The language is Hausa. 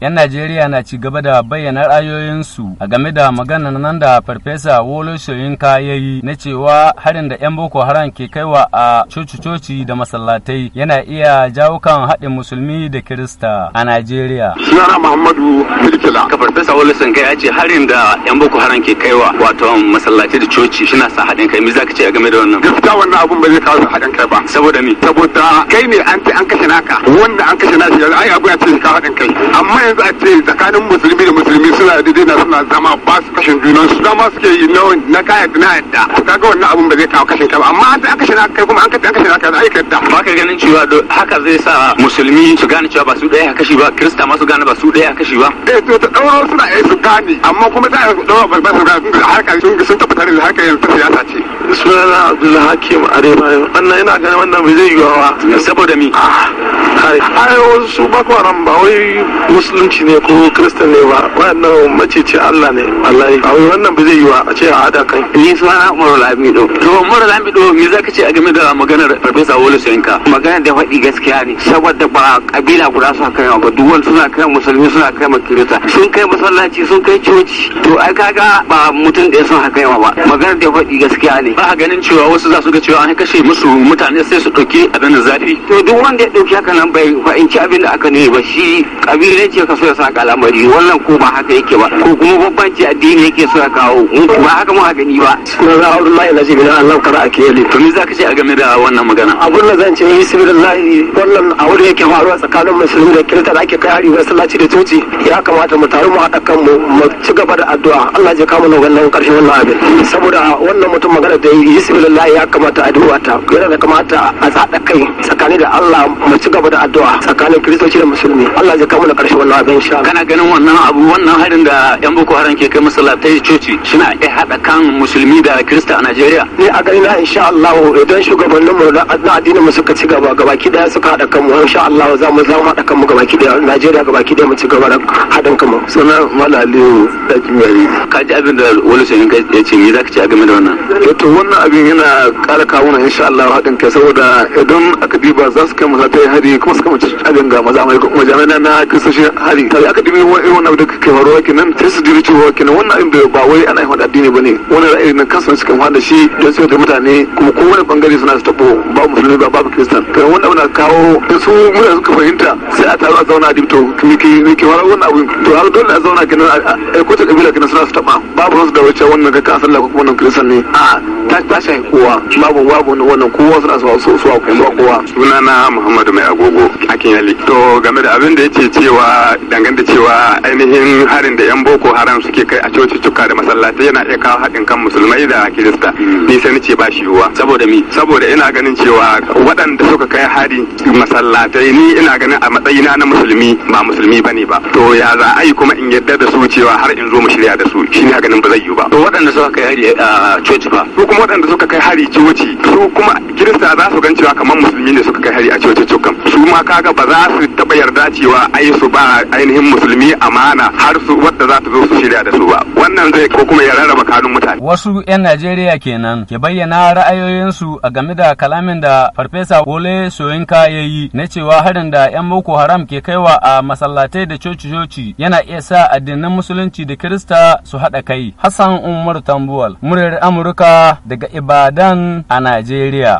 'Yan Najeriya na ci gaba da bayyana ra'ayoyinsu a game da maganar nan da Farfesa Wolo Shoyinka ya yi na cewa harin da 'yan Boko Haram ke kaiwa a coci-coci da masallatai yana iya jawo kan haɗin musulmi da Kirista a Najeriya. Sunana Muhammadu Milkila. Ka Farfesa Wolo Shoyinka ya ce harin da 'yan Boko Haram ke kaiwa wato masallatai da coci shi na sa haɗin kai. Me za ka ce a game da wannan? Gaskiya wannan abun ba zai kawo haɗin kai ba. Saboda ni. Saboda kai ne an an kashe naka wanda an kashe naka ai abu ya ce ka haɗin kai. amma yanzu a ce tsakanin musulmi da musulmi suna da daidaina suna zama ba su kashe juna su zama suke yi na kaya na yadda su kaga wannan abun ba zai kawo kashe kaba amma an aka shina kai kuma an kace aka shina kai ai kadda ba ka ganin cewa haka zai sa musulmi su gane cewa ba su daya kashi ba krista ma su gane ba su daya kashi ba eh to ta dawo suna eh su gane amma kuma da dawo ba su gane har harka sun sun tabbatar da harka yanzu ta siyasa ce sunana abdullahi hakim arewa wannan yana ganin wannan bai zai yiwuwa saboda mi ayoyin su bakwaran ba wai musulunci ne ko kristan ne ba wannan macici allah ne wallahi a wannan bai zai yiwuwa a ce a hada kai ni sunana umaru lamido to umaru lamido me za ka ce a game da maganar farfesa wole soyinka maganar da faɗi gaskiya ne saboda ba kabila guda suna kai ba duk wani suna kai musulmi suna kai kirista sun kai masallaci sun kai coci to ai kaga ba mutum ɗaya sun haka yawa ba maganar da faɗi gaskiya ne ba a ganin cewa wasu za su ga cewa an kashe musu mutane sai su ɗauki abin da zafi. To duk wanda ya ɗauki haka nan bai fahimci abin da aka nuna ba shi ƙabilu ce ka so ya saka al'amari wannan ko ba haka yake ba ko kuma babbanci addini yake so ya kawo mu ba haka mu a gani ba. Na za a rullahi na jibin Allah kara a kiyali. To me za ka ce a game da wannan magana? Abun da zan ce yi sibilallahi wannan a wurin yake faruwa tsakanin musulmi da kirta da ake kai hari masallaci da coci ya kamata mu taru mu haɗa kanmu mu ci gaba da addu'a Allah ya kawo kama wannan ƙarshen wannan abin saboda wannan mutum magana da da bismillah ya kamata addu'a ta yana da kamata a tsada kai tsakani da Allah mu ci gaba da addu'a tsakanin kristoci da musulmi Allah zai kawo mana karshe wannan abin insha kana ganin wannan abu wannan harin da yan boko haram ke kai masallatai coci shina eh hada kan musulmi da krista a Najeriya ne a ganin na insha Allah idan shugabannin mu na addinin mu suka ci gaba gabaki daya suka hada mu insha Allah za mu za mu hada kanmu gabaki daya Najeriya gabaki daya mu ci gaba da hadin mu sunan malaliu da kimiyya ka ji abin da wani sai ya ce za ka ci a game da wannan to wannan abin yana kara kawo na insha Allah haɗin kai saboda idan aka diba za su kai masatai hari kuma su kama abin ga jami'a na kristoshin hari tare aka dibi irin abin da ke faruwa kenan sai su jiri cewa kenan wannan abin da ba wai ana yawan addini ba ne wannan ra'ayi na kansu suka yawan da shi don sai da mutane kuma kowane bangare suna su tabo ba musulmi ba babu kristan kai wannan abin kawo da su mutane suka fahimta sai a taru a zauna a to ke miki ke wani wannan abin to har dole a zauna kenan a kowace kabila kenan suna su taba babu wasu da wacce wannan ka kasar lakwai wannan kristan ne a ta shafi kowa babu babu wannan kowa suna su su kowa sunana muhammadu mai agogo a yali to game da abin da yake cewa dangane cewa ainihin harin da yan boko haram suke kai a cociccuka da masallatai yana iya kawo haɗin kan musulmai da kirista ni sai ce ba shi yiwuwa saboda mi saboda ina ganin cewa waɗanda suka kai hari masallatai ni ina ganin a matsayina na musulmi ba musulmi bane ba to ya za a yi kuma in yadda da su cewa har in zo mu shirya da su shine ganin ba zai yiwu ba to waɗanda suka kai hari a coci ba waɗanda suka kai hari coci su kuma kirista za su gan cewa kamar musulmi ne suka kai hari a coci cokan su ma kaga ba za su taɓa yarda cewa ai su ba ainihin musulmi amana har su wadda za ta zo su shirya da su ba wannan zai ko kuma ya rarraba kanun mutane wasu 'yan Najeriya kenan ke bayyana ra'ayoyinsu a game da kalamin da farfesa Wole Soyinka ya yi na cewa harin da 'yan Boko Haram ke kaiwa a masallatai da coci-coci yana iya sa addinan musulunci da kirista su haɗa kai Hassan Umar Tambuwal muryar Amurka daga Ibadan a Najeriya.